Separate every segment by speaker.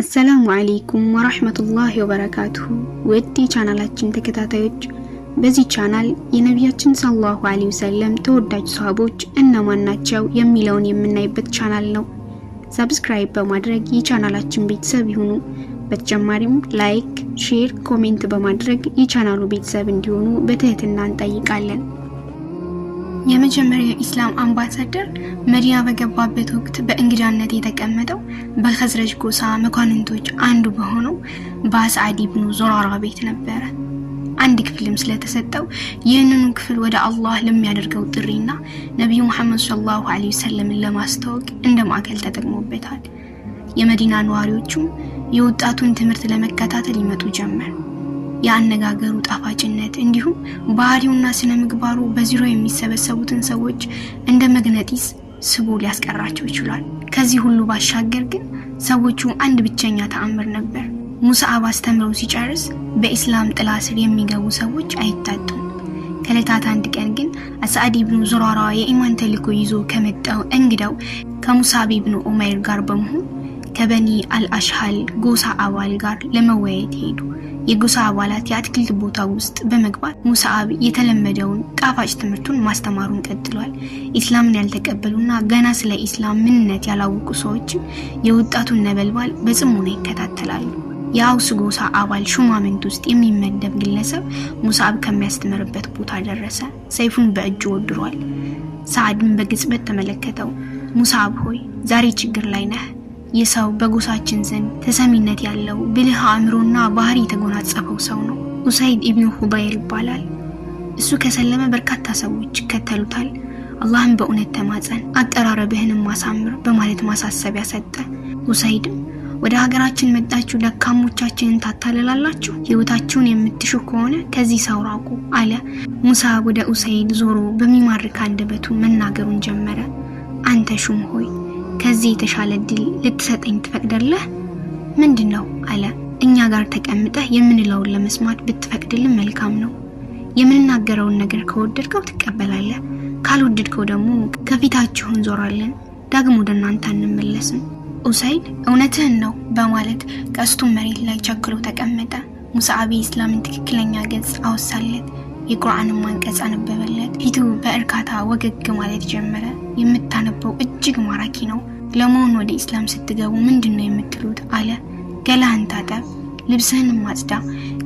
Speaker 1: አሰላሙ አሌይኩም ወራህመቱላሂ ወበረካቱሁ ውድ የቻናላችን ተከታታዮች በዚህ ቻናል የነቢያችን ሰለላሁ ዐለይሂ ወሰለም ተወዳጅ ሰሃቦች እነማን ናቸው የሚለውን የምናይበት ቻናል ነው። ሰብስክራይብ በማድረግ የቻናላችን ቤተሰብ ይሁኑ። በተጨማሪም ላይክ፣ ሼር፣ ኮሜንት በማድረግ የቻናሉ ቤተሰብ እንዲሆኑ በትህትና እንጠይቃለን። የመጀመሪያ ኢስላም አምባሳደር መዲና በገባበት ወቅት በእንግዳነት የተቀመጠው በከዝረጅ ጎሳ መኳንንቶች አንዱ በሆነው በአስዓድ ብኑ ዞራራ ቤት ነበረ። አንድ ክፍልም ስለተሰጠው ይህንኑ ክፍል ወደ አላህ ለሚያደርገው ጥሪና ነቢዩ ሙሐመድ ሰለላሁ ዐለይሂ ወሰለምን ለማስተዋወቅ እንደ ማዕከል ተጠቅሞበታል። የመዲና ነዋሪዎቹም የወጣቱን ትምህርት ለመከታተል ይመጡ ጀመር። የአነጋገሩ ጣፋጭነት እንዲሁም ባህሪውና ስነ ምግባሩ በዙሪያው የሚሰበሰቡትን ሰዎች እንደ መግነጢስ ስቦ ሊያስቀራቸው ይችሏል። ከዚህ ሁሉ ባሻገር ግን ሰዎቹ አንድ ብቸኛ ተአምር ነበር። ሙሳ አብ አስተምረው ሲጨርስ በኢስላም ጥላ ስር የሚገቡ ሰዎች አይታጡም። ከለታት አንድ ቀን ግን አሳዕድ ብኑ ዙራራ የኢማን ተልዕኮ ይዞ ከመጣው እንግዳው ከሙሳብ ብኑ ኡመይር ጋር በመሆን ከበኒ አልአሽሃል ጎሳ አባል ጋር ለመወያየት ሄዱ። የጎሳ አባላት የአትክልት ቦታ ውስጥ በመግባት ሙሳአብ የተለመደውን ጣፋጭ ትምህርቱን ማስተማሩን ቀጥሏል። ኢስላምን ያልተቀበሉና ገና ስለ ኢስላም ምንነት ያላወቁ ሰዎችም የወጣቱን ነበልባል በጽሙና ይከታተላሉ። የአውስ ጎሳ አባል ሹማምንት ውስጥ የሚመደብ ግለሰብ ሙሳአብ ከሚያስተምርበት ቦታ ደረሰ። ሰይፉን በእጁ ወድሯል። ሳዕድን በግጽበት ተመለከተው። ሙሳአብ ሆይ ዛሬ ችግር ላይ ነህ ይህ ሰው በጎሳችን ዘንድ ተሰሚነት ያለው ብልህ አእምሮና ባህሪ የተጎናጸፈው ሰው ነው። ኡሳይድ ኢብኑ ሁበይር ይባላል። እሱ ከሰለመ በርካታ ሰዎች ይከተሉታል። አላህም በእውነት ተማጸን፣ አቀራረብህንም ማሳምር በማለት ማሳሰቢያ ሰጠ። ኡሰይድም ወደ ሀገራችን መጣችሁ ደካሞቻችንን ታታልላላችሁ፣ ህይወታችሁን የምትሹ ከሆነ ከዚህ ሰው ራቁ አለ። ሙሳ ወደ ኡሰይድ ዞሮ በሚማርክ አንደበቱ መናገሩን ጀመረ። አንተ ሹም ሆይ ከዚህ የተሻለ እድል ልትሰጠኝ ትፈቅደለህ? ምንድን ነው አለ። እኛ ጋር ተቀምጠህ የምንለውን ለመስማት ብትፈቅድልን መልካም ነው። የምንናገረውን ነገር ከወደድከው ትቀበላለህ፣ ካልወደድከው ደግሞ ከፊታችሁ እንዞራለን፣ ዳግም ወደ እናንተ አንመለስም። ኡሰይድ እውነትህን ነው በማለት ቀስቱን መሬት ላይ ቸክሎ ተቀመጠ። ሙሳ አቢ ትክክለኛ ገጽ አወሳለት፣ የቁርአንም ማንቀጽ አነበበለት። ፊቱ በእርካታ ወገግ ማለት ጀመረ። የምታነበው እጅግ ማራኪ ነው። ለመሆኑ ወደ ኢስላም ስትገቡ ምንድን ነው የምትሉት? አለ። ገላህን ታጠብ፣ ልብስህን ማጽዳ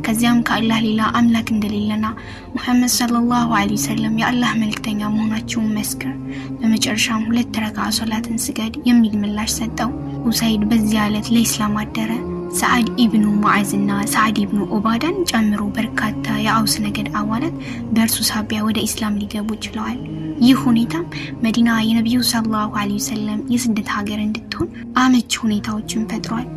Speaker 1: ከዚያም ከአላህ ሌላ አምላክ እንደሌለና ሙሐመድ ሰለላሁ አለ ወሰለም የአላህ መልእክተኛ መሆናቸውን መስክር፣ በመጨረሻም ሁለት ረካ ሶላትን ስገድ የሚል ምላሽ ሰጠው። ኡሳይድ በዚያ አለት ለኢስላም አደረ። ሰዓድ ኢብኑ ሙዓዝና ሰዓድ ኢብኑ ኦባዳን ጨምሮ በርካታ የአውስ ነገድ አባላት በእርሱ ሳቢያ ወደ ኢስላም ሊገቡ ችለዋል። ይህ ሁኔታም መዲና የነቢዩ ሰለላሁ ዐለይሂ ወሰለም የስደት ሀገር እንድትሆን አመች ሁኔታዎችን ፈጥሯል።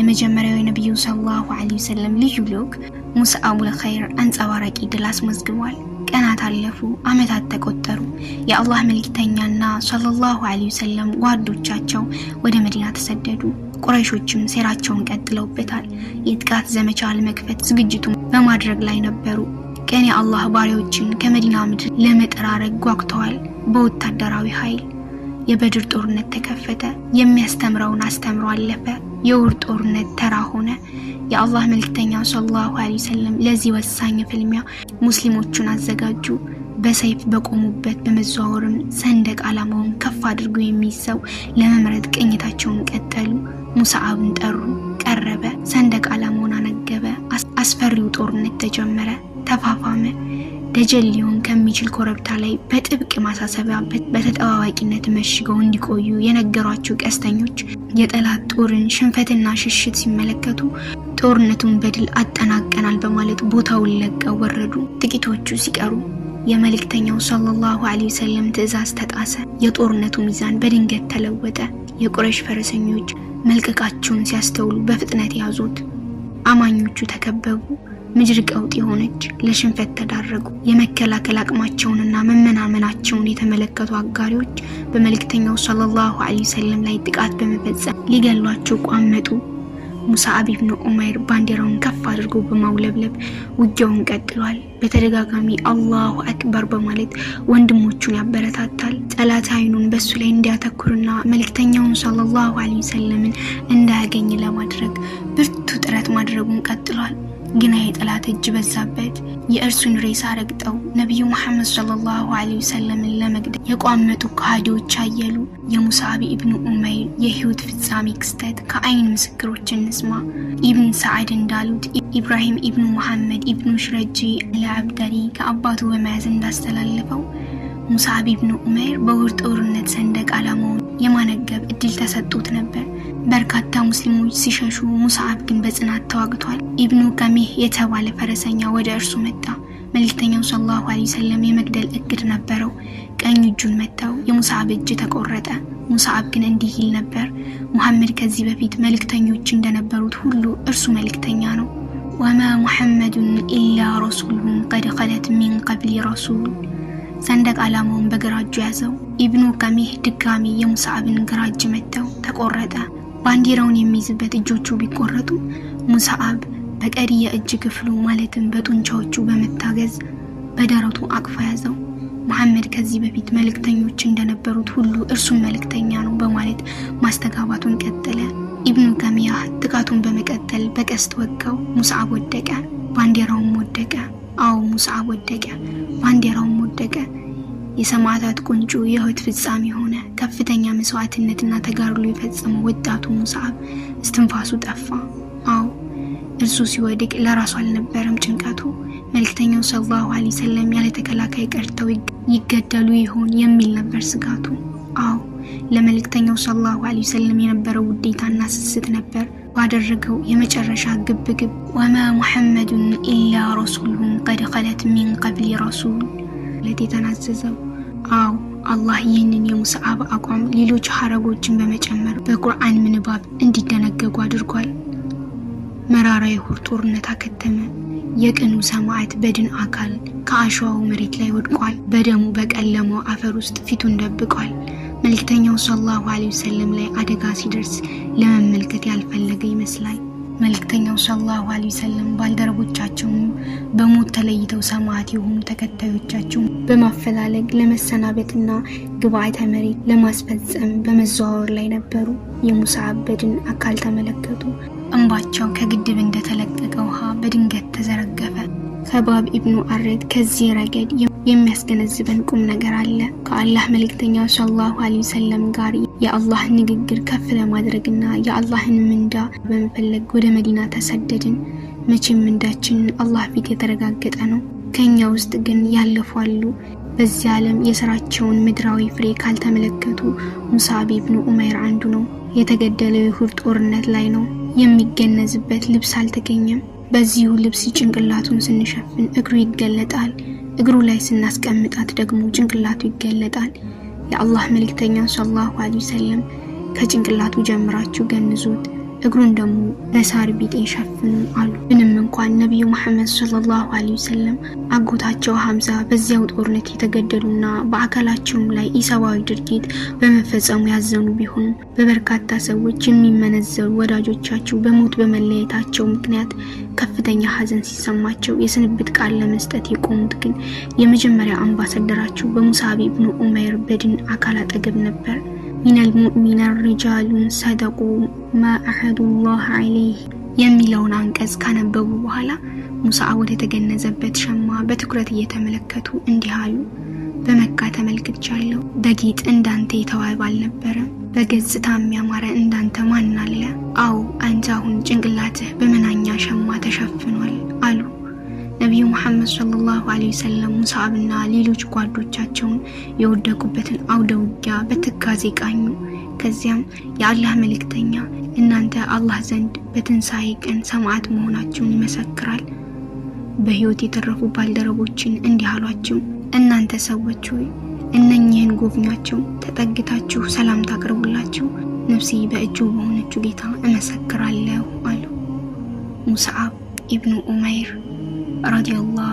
Speaker 1: የመጀመሪያው የነቢዩ ሰለላሁ ዐለይሂ ወሰለም ልዩ ልዑክ ሙስአቡል ኸይር አንጸባራቂ ድል አስመዝግቧል። ቀናት አለፉ፣ አመታት ተቆጠሩ። የአላህ መልክተኛና ሰለላሁ ዐለይሂ ወሰለም ጓዶቻቸው ወደ መዲና ተሰደዱ። ቁረይሾችም ሴራቸውን ቀጥለውበታል። የጥቃት ዘመቻ ለመክፈት ዝግጅቱን በማድረግ ላይ ነበሩ። ቀን የአላህ ባሪያዎችን ከመዲና ምድር ለመጠራረግ ጓግተዋል። በወታደራዊ ኃይል የበድር ጦርነት ተከፈተ። የሚያስተምረውን አስተምሮ አለፈ። የውር ጦርነት ተራ ሆነ። የአላህ መልክተኛ ሰለላሁ ዐለይሂ ወሰለም ለዚህ ወሳኝ ፍልሚያ ሙስሊሞቹን አዘጋጁ። በሰይፍ በቆሙበት በመዘዋወርም ሰንደቅ ዓላማውን ከፍ አድርጎ የሚይዘው ለመምረጥ ቅኝታቸውን ቀጠሉ። ሙሳአብን ጠሩ፣ ቀረበ፣ ሰንደቅ ዓላማውን አነገበ። አስፈሪው ጦርነት ተጀመረ፣ ተፋፋመ። ደጀል ሊሆን ከሚችል ኮረብታ ላይ በጥብቅ ማሳሰቢያ በተጠባባቂነት መሽገው እንዲቆዩ የነገሯቸው ቀስተኞች የጠላት ጦርን ሽንፈትና ሽሽት ሲመለከቱ ጦርነቱን በድል አጠናቀናል በማለት ቦታውን ለቀው ወረዱ። ጥቂቶቹ ሲቀሩ የመልእክተኛው ሰለላሁ ዐለይሂ ወሰለም ትዕዛዝ ተጣሰ። የጦርነቱ ሚዛን በድንገት ተለወጠ። የቁረሽ ፈረሰኞች መልቀቃቸውን ሲያስተውሉ በፍጥነት ያዙት። አማኞቹ ተከበቡ። ምድር ቀውጥ የሆነች ለሽንፈት ተዳረጉ። የመከላከል አቅማቸውንና መመናመናቸውን የተመለከቱ አጋሪዎች በመልእክተኛው ሰለላሁ ዐለይሂ ወሰለም ላይ ጥቃት በመፈጸም ሊገሏቸው ቋመጡ። ሙሳዕብ ኢብኑ ዑመይር ባንዲራውን ከፍ አድርጎ በማውለብለብ ውጊያውን ቀጥሏል። በተደጋጋሚ አላሁ አክበር በማለት ወንድሞቹን ያበረታታል። ጠላት አይኑን በሱ ላይ እንዲያተኩርና መልክተኛውን ሰለላሁ ዐለይሂ ወሰለምን እንዳያገኝ ለማድረግ ብርቱ ጥረት ማድረጉን ቀጥሏል። ግና የጠላት እጅ በዛበት። የእርሱን ሬሳ ረግጠው ነቢዩ መሐመድ ሰለላሁ ዐለይሂ ወሰለምን ለመግደል የቋመጡ ከሃዲዎች አየሉ። የሙሳቢ ኢብኑ ኡመይር የህይወት ፍጻሜ ክስተት ከአይን ምስክሮች እንስማ። ኢብን ሰዓድ እንዳሉት ኢብራሂም ኢብኑ መሐመድ ኢብኑ ሽረጂ ለአብደሪ ከአባቱ በመያዝ እንዳስተላለፈው ሙሳዕብ ኢብኑ ዑመይር በውር ጦርነት ሰንደቅ ዓላማውን የማነገብ እድል ተሰጡት ነበር። በርካታ ሙስሊሞች ሲሸሹ፣ ሙሳዕብ ግን በጽናት ተዋግቷል። ኢብኑ ቀሚህ የተባለ ፈረሰኛ ወደ እርሱ መጣ። መልክተኛው ሰለላሁ ዐለይሂ ወሰለም የመግደል እቅድ ነበረው። ቀኝ እጁን መታው፣ የሙሳዕብ እጅ ተቆረጠ። ሙሳዕብ ግን እንዲህ ይል ነበር፣ ሙሐመድ ከዚህ በፊት መልእክተኞች እንደነበሩት ሁሉ እርሱ መልእክተኛ ነው። ወማ ሙሐመዱን ኢላ ረሱሉን ቀድ ኸለት ሚን ቀብሊ ረሱል ሰንደቅ ዓላማውን በግራ እጁ ያዘው። ኢብኑ ከሚህ ድጋሚ የሙሳዕብን ግራ እጅ መተው ተቆረጠ። ባንዲራውን የሚይዝበት እጆቹ ቢቆረጡ ሙሳዕብ በቀሪ የእጅ ክፍሉ ማለትም በጡንቻዎቹ በመታገዝ በደረቱ አቅፋ ያዘው። መሐመድ ከዚህ በፊት መልእክተኞች እንደነበሩት ሁሉ እርሱም መልእክተኛ ነው በማለት ማስተጋባቱን ቀጠለ። ኢብኑ ከሚያህ ጥቃቱን በመቀጠል በቀስት ወጋው። ሙስዓብ ወደቀ፣ ባንዲራውም ወደቀ። አዎ ሙሳ ወደቀ፣ ባንዲራውም ወደቀ። የሰማዕታት ቁንጮ የህይወት ፍጻሜ ሆነ። ከፍተኛ መስዋዕትነትና ተጋድሎ የፈጸመው ወጣቱ ሙሳ እስትንፋሱ ጠፋ። አዎ እርሱ ሲወድቅ ለራሱ አልነበረም ጭንቀቱ። መልክተኛው ሰለላሁ ዐለይሂ ወሰለም ያለ ተከላካይ ቀርተው ይገደሉ ይሆን የሚል ነበር ስጋቱ። አዎ ለመልእክተኛው ሰለላሁ ዐለይሂ ወሰለም የነበረው ውዴታና ስስት ነበር። ባደረገው የመጨረሻ ግብግብ ወማ ሙሐመዱን ኢላ ረሱሉን ቀድ ኸለት ሚን ቀብሊ ረሱል ለት የተናዘዘው አው አላህ ይህንን የሙስአብ አቋም ሌሎች ሐረጎችን በመጨመር በቁርአን ምንባብ እንዲደነገጉ አድርጓል። መራራ የሁር ጦርነት አከተመ። የቅኑ ሰማዕት በድን አካል ከአሸዋው መሬት ላይ ወድቋል። በደሙ በቀለመው አፈር ውስጥ ፊቱን ደብቋል። መልእክተኛው ሰለላሁ ዐለይሂ ወሰለም ላይ አደጋ ሲደርስ ለመመልከት ያልፈለገ ይመስላል። መልእክተኛው ሰለላሁ ዐለይሂ ወሰለም ባልደረቦቻቸውን በሞት ተለይተው ሰማዕት የሆኑ ተከታዮቻቸው በማፈላለግ ለመሰናበትና ግብዓተ መሬት ለማስፈጸም በመዘዋወር ላይ ነበሩ። የሙሳ አበድን አካል ተመለከቱ። እንባቸው ከግድብ እንደተለቀቀ ውሃ በድንገት ተዘረገፈ። ከባብ ኢብኑ አሬድ ከዚህ ረገድ የሚያስገነዝበን ቁም ነገር አለ። ከአላህ መልእክተኛው ሰለላሁ ዐለይሂ ወሰለም ጋር የአላህን ንግግር ከፍ ለማድረግና የአላህን ምንዳ በመፈለግ ወደ መዲና ተሰደድን። መቼም ምንዳችን አላህ ፊት የተረጋገጠ ነው። ከእኛ ውስጥ ግን ያለፉ አሉ። በዚህ ዓለም የስራቸውን ምድራዊ ፍሬ ካልተመለከቱ ሙሳብ ብኑ ኡመይር አንዱ ነው። የተገደለው የኡሁድ ጦርነት ላይ ነው። የሚገነዝበት ልብስ አልተገኘም። በዚሁ ልብስ ጭንቅላቱን ስንሸፍን እግሩ ይገለጣል። እግሩ ላይ ስናስቀምጣት ደግሞ ጭንቅላቱ ይገለጣል። የአላህ መልእክተኛ ሰለላሁ ዐለይሂ ወሰለም ከጭንቅላቱ ጀምራችሁ ገንዙት እግሩን ደግሞ በሳር ቢጤ ሸፍኑ አሉ። ምንም እንኳን ነቢዩ መሐመድ ሰለላሁ አለይሂ ወሰለም አጎታቸው ሐምዛ በዚያው ጦርነት የተገደሉና በአካላቸውም ላይ ኢሰብአዊ ድርጊት በመፈጸሙ ያዘኑ ቢሆኑም በበርካታ ሰዎች የሚመነዘሩ ወዳጆቻቸው በሞት በመለየታቸው ምክንያት ከፍተኛ ሐዘን ሲሰማቸው የስንብት ቃል ለመስጠት የቆሙት ግን የመጀመሪያ አምባሳደራቸው በሙሳቢ ብኑ ኡመይር በድን አካል አጠገብ ነበር። ሚነልሙእሚን ሪጃሉን ሰደቁ ማ አሐዱላህ ዐለይህ የሚለውን አንቀጽ ካነበቡ በኋላ ሙሳ ወደ ተገነዘበት ሸማ በትኩረት እየተመለከቱ እንዲህ አሉ። በመካ ተመልክቻለሁ። በጌጥ እንዳንተ የተዋበ አልነበረም። በገጽታ የሚያማረ እንዳንተ ማን አለ? አዎ አንተ አሁን ጭንቅላትህ በመናኛ ሸማ ተሸ ሰለላሁ ዐለይሂ ወሰለም ሙሳዕብና ሌሎች ጓዶቻቸውን የወደቁበትን አውደ ውጊያ በትካዜ ቃኙ። ከዚያም የአላህ መልእክተኛ እናንተ አላህ ዘንድ በትንሣኤ ቀን ሰማዕት መሆናችሁን ይመሰክራል። በሕይወት የተረፉ ባልደረቦችን እንዲህ አሏቸው፣ እናንተ ሰዎች ሆይ እነኚህን ጎብኛቸው፣ ተጠግታችሁ ሰላም ታቅርቡላችሁ። ነፍሴ በእጁ በሆነችው ጌታ እመሰክራለሁ አሉ። ሙስዓብ ኢብኑ ኡመይር ረዲየላሁ